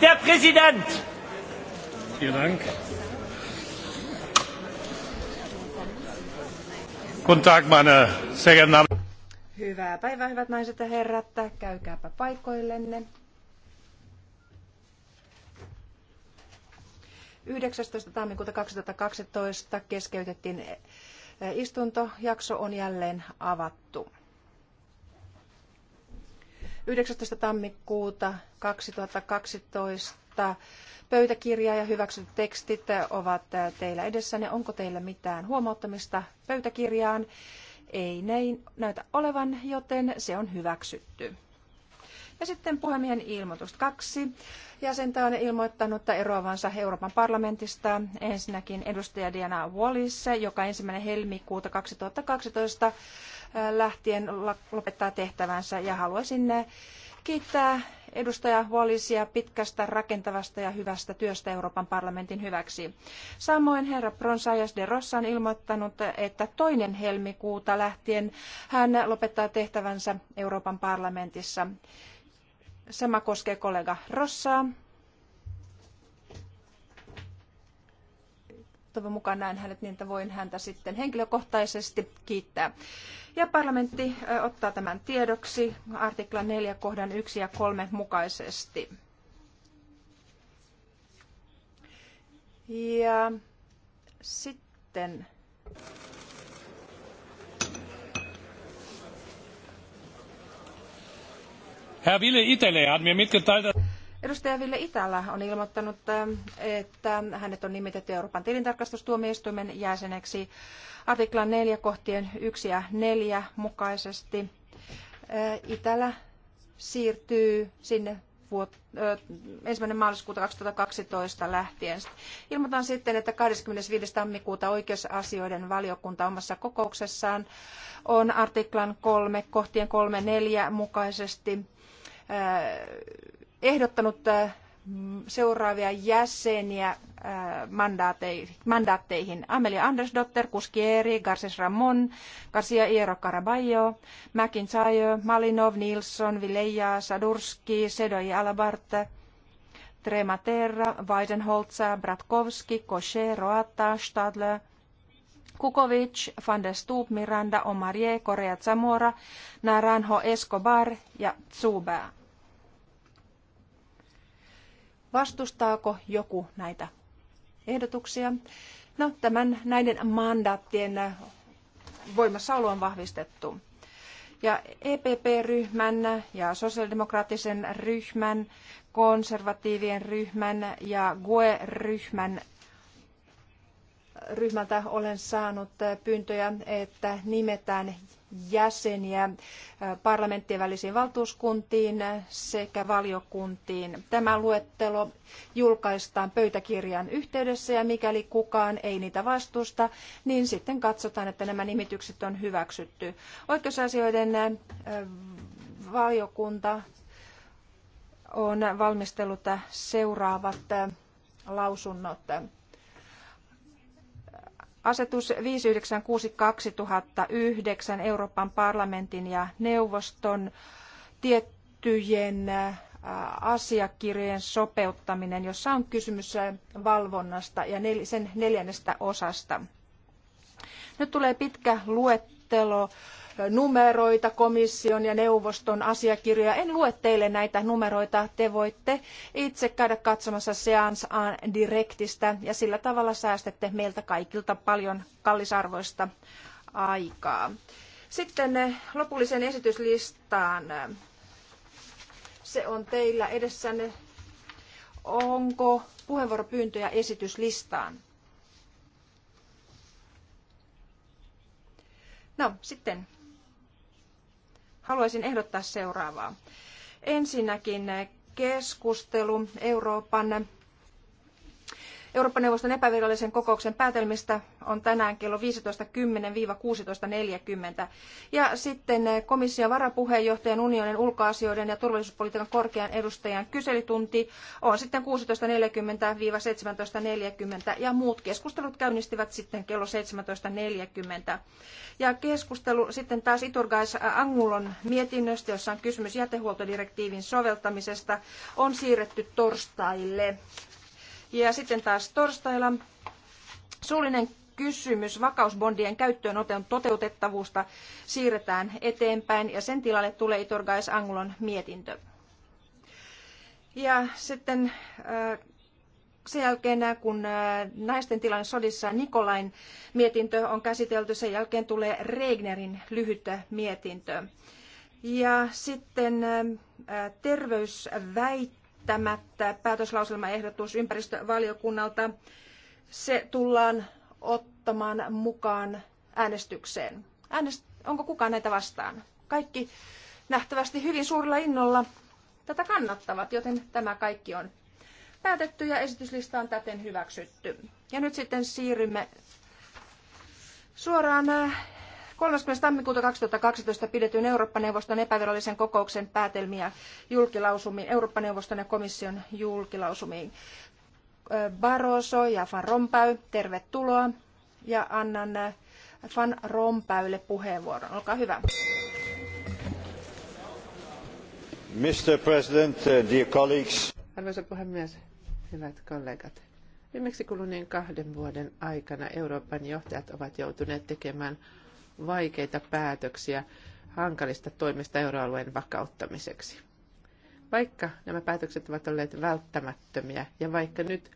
Der Präsident! Vielen Dank. Guten Tag, meine sehr geehrten Damen. Hyvää päivää, hyvät naiset ja herrat. Käykääpä paikoillenne. 19. tammikuuta 2012 keskeytettiin eh, istuntojakso on jälleen avattu. 19. tammikuuta 2012 pöytäkirja ja hyväksytyt tekstit ovat teillä edessänne. Onko teillä mitään huomauttamista pöytäkirjaan? Ei näin näytä olevan, joten se on hyväksytty. Ja sitten puhemiehen ilmoitus kaksi. Jäsentä on ilmoittanut eroavansa Euroopan parlamentista. Ensinnäkin edustaja Diana Wallis, joka ensimmäinen helmikuuta 2012 lähtien lopettaa tehtävänsä. Ja haluaisin kiittää edustaja Wallisia pitkästä, rakentavasta ja hyvästä työstä Euroopan parlamentin hyväksi. Samoin herra Bronsaias de Rossa on ilmoittanut, että toinen helmikuuta lähtien hän lopettaa tehtävänsä Euroopan parlamentissa. Sama koskee kollega Rossaa. Toivon mukaan näen hänet niin, että voin häntä sitten henkilökohtaisesti kiittää. Ja parlamentti ottaa tämän tiedoksi artikla 4 kohdan 1 ja 3 mukaisesti. Ja sitten Herr Ville Itälä hat mir mitgeteilt, Edustaja Ville Itälä on ilmoittanut, että hänet on nimitetty Euroopan tilintarkastustuomioistuimen jäseneksi artiklan 4 kohtien 1 ja 4 mukaisesti. Itälä siirtyy sinne vuot, ö, 1. maaliskuuta 2012 lähtien. Ilmoitan sitten, että 25. tammikuuta oikeusasioiden valiokunta omassa kokouksessaan on artiklan 3, kohtien 3.4 mukaisesti ö, ehdottanut seuraavia jäseniä äh, mandaatteihin. Amelia Andersdotter, Kuskieri, Garces Ramon, Garcia Iero Caraballo, McIntyre, Malinov, Nilsson, Vileja, Sadurski, Sedoi Alabart, Trematerra, Weidenholzer, Bratkowski, Koshe, Roata, Stadler, Kukovic, Van der Stoop, Miranda, Omarie, Korea Zamora, Naranjo Escobar ja Zuber. Vastustaako joku näitä ehdotuksia? No, tämän, näiden mandaattien äh, voimassaolo on vahvistettu. Ja EPP-ryhmän ja sosiaalidemokraattisen ryhmän, konservatiivien ryhmän ja GUE-ryhmän äh, ryhmältä olen saanut äh, pyyntöjä, että nimetään jäseniä äh, parlamenttien välisiin valtuuskuntiin sekä valiokuntiin. Tämä luettelo julkaistaan pöytäkirjan yhteydessä ja mikäli kukaan ei niitä vastusta, niin sitten katsotaan, että nämä nimitykset on hyväksytty. Oikeusasioiden äh, valiokunta on valmistellut seuraavat äh, lausunnot. Asetus 596-2009 Euroopan parlamentin ja neuvoston tiettyjen äh, asiakirjojen sopeuttaminen, jossa on kysymys äh, valvonnasta ja sen neljännestä osasta. Nyt tulee pitkä luettelo numeroita, komission ja neuvoston asiakirjoja. En lue teille näitä numeroita, te voitte itse käydä katsomassa Seance en Directistä ja sillä tavalla säästätte meiltä kaikilta paljon kallisarvoista aikaa. Sitten eh, lopulliseen esityslistaan. Se on teillä edessänne. Onko puheenvuoropyyntöjä esityslistaan? No, sitten haluaisin ehdottaa seuraavaa. Ensinnäkin keskustelu Euroopan Euroopan neuvoston epävirallisen kokouksen päätelmistä on tänään kello 15.10-16.40. Ja sitten eh, komission varapuheenjohtajan unionin ulkoasioiden ja turvallisuuspolitiikan korkean edustajan kyselytunti on sitten 16.40-17.40 ja muut keskustelut käynnistyvät sitten kello 17.40. Ja keskustelu sitten taas Iturgais eh, Angulon mietinnöstä, jossa on kysymys jätehuoltodirektiivin soveltamisesta, on siirretty torstaille ja sitten taas torstaina suullinen kysymys vakausbondien käyttöönoton toteutettavuusta siirretään eteenpäin ja sen tilalle tulee Itorgais Angulon mietintö. Ja sitten äh, sen jälkeen, äh, kun äh, naisten tilanne sodissa Nikolain mietintö on käsitelty, sen jälkeen tulee Regnerin lyhyt mietintö. Ja sitten terveysväitteet tämä, päätöslauselmaehdotus ympäristövaliokunnalta, se tullaan ottamaan mukaan äänestykseen. Äänest, onko kukaan näitä vastaan? Kaikki nähtävästi hyvin suurella innolla tätä kannattavat, joten tämä kaikki on päätetty ja esityslista on täten hyväksytty. Ja nyt sitten siirrymme suoraan 30. tammikuuta 2012 pidetyn Eurooppa-neuvoston epävirallisen kokouksen päätelmiä julkilausumiin, Eurooppa-neuvoston ja komission julkilausumiin. Barroso ja Van Rompuy, tervetuloa ja annan Van Rompäylle puheenvuoron. Olkaa hyvä. Mr. President, uh, dear colleagues. Arvoisa puhemies, hyvät kollegat. Viimeksi kuluneen kahden vuoden aikana Euroopan johtajat ovat joutuneet tekemään vaikeita päätöksiä hankalista toimista euroalueen vakauttamiseksi. Vaikka nämä päätökset ovat olleet välttämättömiä ja vaikka nyt